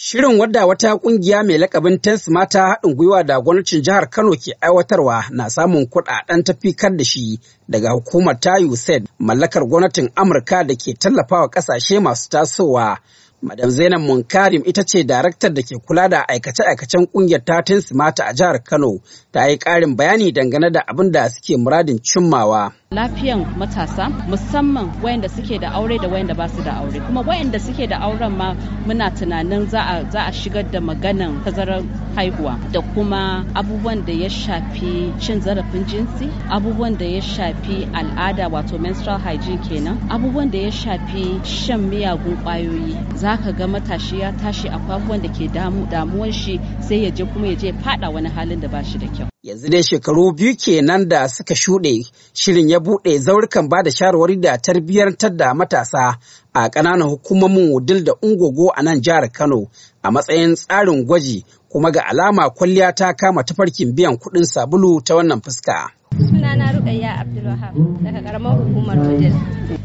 Shirin wadda wata kungiya mai lakabin Tens mata haɗin gwiwa da gwamnatin jihar Kano ke aiwatarwa na samun kuɗaɗen tafikar da shi daga hukumar ta USAID mallakar gwamnatin Amurka da ke tallafawa ƙasashe masu tasowa Madam Zainab Munkarim ita ce daraktar da ke kula da aikace-aikacen kungiyar Tatin Simata a jihar Kano ta yi ƙarin bayani dangane da abin da suke muradin cimmawa. Lafiyan matasa musamman wayanda suke da aure da wayanda ba su da aure kuma wayanda suke da auren ma muna tunanin za a shigar da maganan tazarar haihuwa da kuma abubuwan da ya shafi cin zarafin jinsi abubuwan da ya shafi al'ada wato menstrual hygiene kenan abubuwan da ya shafi shan miyagun kwayoyi za ka ga matashi ya tashi akwai abubuwan da ke damuwan shi sai ya je kuma ya je fada wani halin da ba shi da kyau yanzu dai shekaru biyu kenan da suka shuɗe shirin ya buɗe zaurukan ba da shawarwari da tarbiyyantar da matasa a ƙananan hukumomin wudil da ungogo a nan jihar kano a matsayin tsarin gwaji kuma ga alama kwalliya ta kama tafarkin biyan kuɗin sabulu ta wannan fuska sunana rukayya abdulwahab daga karamar hukumar wudil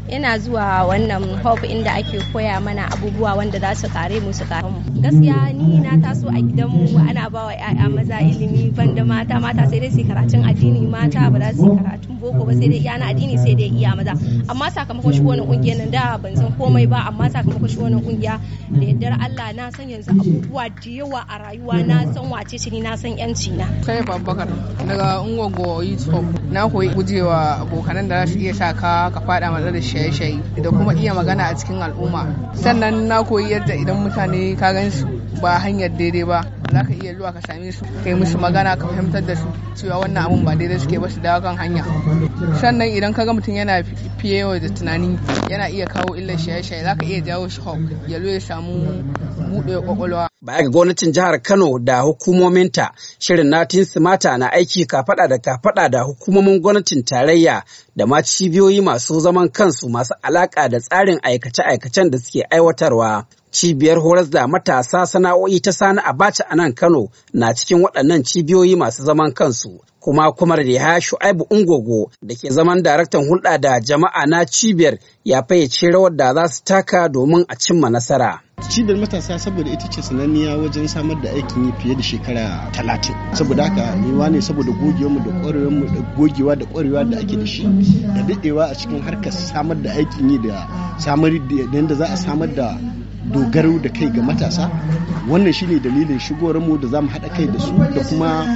ina zuwa wannan hub inda ake koya mana abubuwa wanda za su kare mu su kare gaskiya ni na taso a gidanmu ana bawa 'ya'ya maza ilimi banda mata mata sai dai su karatun addini mata ba za su karatun boko ba sai dai iya na addini sai dai iya maza amma sakamakon shi wannan kungiyar nan da ban san komai ba amma sakamakon shi wannan kungiya da yaddar Allah na san yanzu abubuwa da yawa a rayuwa na san wace ce ni na san yanci na kai babbakar daga ungogo youtube na koyi gujewa abokanan da za su iya sa ka fada maza da shaye-shaye da kuma iya magana a cikin al'umma sannan na koyi yadda idan mutane ka gan su ba hanyar daidai ba za ka iya zuwa ka same su ka yi musu magana ka fahimtar da su cewa wannan abun ba daidai suke ba su dawo kan hanya sannan idan ka ga mutum yana fiye da tunani yana iya kawo illar shaye-shaye za ka iya jawo shi hau ya zo ya samu buɗe kwakwalwa. Baya ga gwamnatin jihar Kano da hukumominta, shirin natin mata na aiki kafaɗa da kafaɗa da hukumomin gwamnatin tarayya da ma cibiyoyi masu zaman kansu masu alaka da tsarin aikace-aikacen da suke aiwatarwa. Cibiyar horas da matasa sana'o'i ta Sani Abacha a nan Kano na cikin waɗannan cibiyoyi masu zaman kansu. Kuma kuma da ya Shu'aibu Ungogo da ke zaman daraktan hulɗa da jama'a na cibiyar ya fayyace rawar da za su taka domin a cimma nasara. cibiyar matasa saboda ita ce sananniya wajen samar da aikin yi fiye da shekara talatin saboda haka ni ne saboda da da gogewa da ƙwarewa da ake da shi da daɗewa a cikin harkar samar da aikin yi da samar da yadda za a samar da dogaro da kai ga matasa wannan shine dalilin shigowar mu da zamu haɗa kai da su da kuma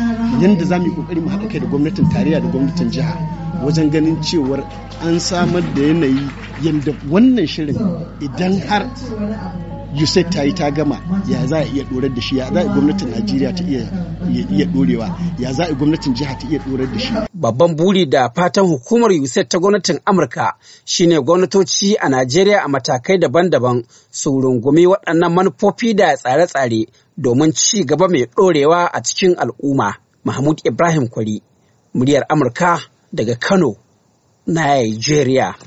yadda za mu yi kokari mu haɗa kai da gwamnatin tarayya da gwamnatin jiha wajen ganin cewar an samar da yanayi yadda wannan shirin idan har USAID ta yi ta gama ya za a iya dorar da shi ya za a gwamnatin Najeriya ta iya iya dorewa ya za a gwamnatin jiha ta iya dorar da shi babban buri da fatan hukumar USAID ta gwamnatin Amurka shine gwamnatoci a Najeriya a matakai daban-daban su rungumi waɗannan manufofi da tsare-tsare domin ci gaba mai dorewa a cikin al'umma Mahmud Ibrahim Kwari muryar Amurka daga Kano Nigeria